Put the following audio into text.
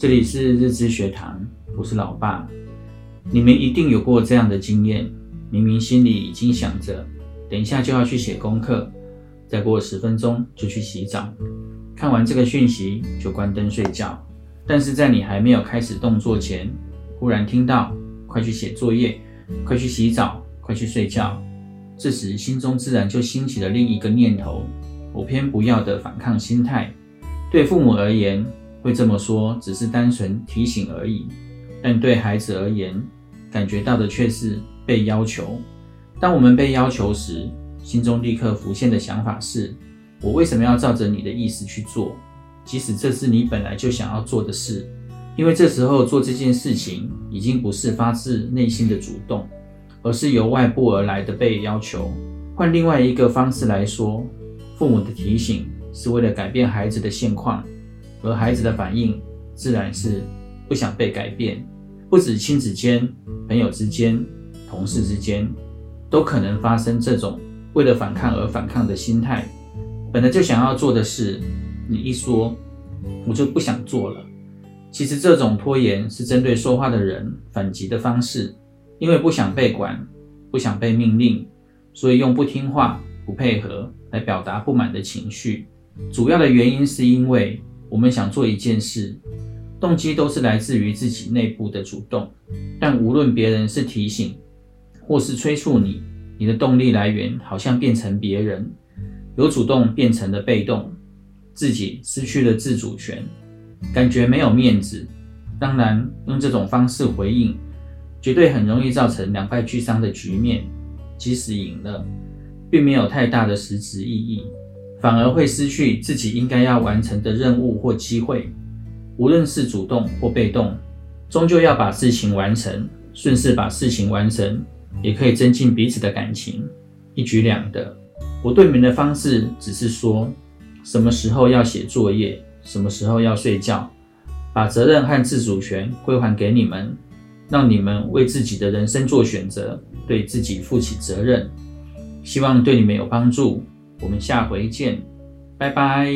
這裡是日知學堂，我是老爸。你們一定有過這樣的經驗：明明心裡已經想着，等一下就要去寫功課，再過十分鐘就去洗澡，看完這個訊息就關燈睡覺。但是在你還沒有開始動作前，忽然聽到“快去寫作業，快去洗澡，快去睡覺”，這時心中自然就興起了另一個念頭：我偏不要的反抗心態。對父母而言，會這麼說，只是單純提醒而已，但對孩子而言，感覺到的卻是被要求。當我們被要求時，心中立刻浮現的想法是：我為什麼要照着你的意思去做？即使這是你本來就想要做的事，因為這時候做這件事情已經不是發自內心的主動，而是由外部而來的被要求。換另外一個方式來說，父母的提醒是為了改變孩子的現況。而孩子的反應，自然是不想被改變。不止親子間、朋友之間、同事之間，都可能發生這種為了反抗而反抗的心態。本來就想要做的事，你一說，我就不想做了。其實這種拖延是針對說話的人反擊的方式，因為不想被管，不想被命令，所以用不聽話、不配合來表達不滿的情緒。主要的原因是因為。我們想做一件事，動機都是來自於自己內部的主動，但無論別人是提醒或是催促你，你的動力來源好像變成別人，由主動變成了被動，自己失去了自主權，感覺沒有面子。當然，用這種方式回應，絕對很容易造成兩敗俱傷的局面，即使贏了，並沒有太大的實質意義。反而會失去自己應該要完成的任務或機會，無論是主動或被動，終究要把事情完成。順勢把事情完成，也可以增進彼此的感情，一舉兩得。我對你們的方式，只是說什麼時候要寫作業，什麼時候要睡覺，把責任和自主權歸還給你們，讓你們為自己的人生做選擇，對自己負起責任。希望對你們有幫助。我們下回見，拜拜。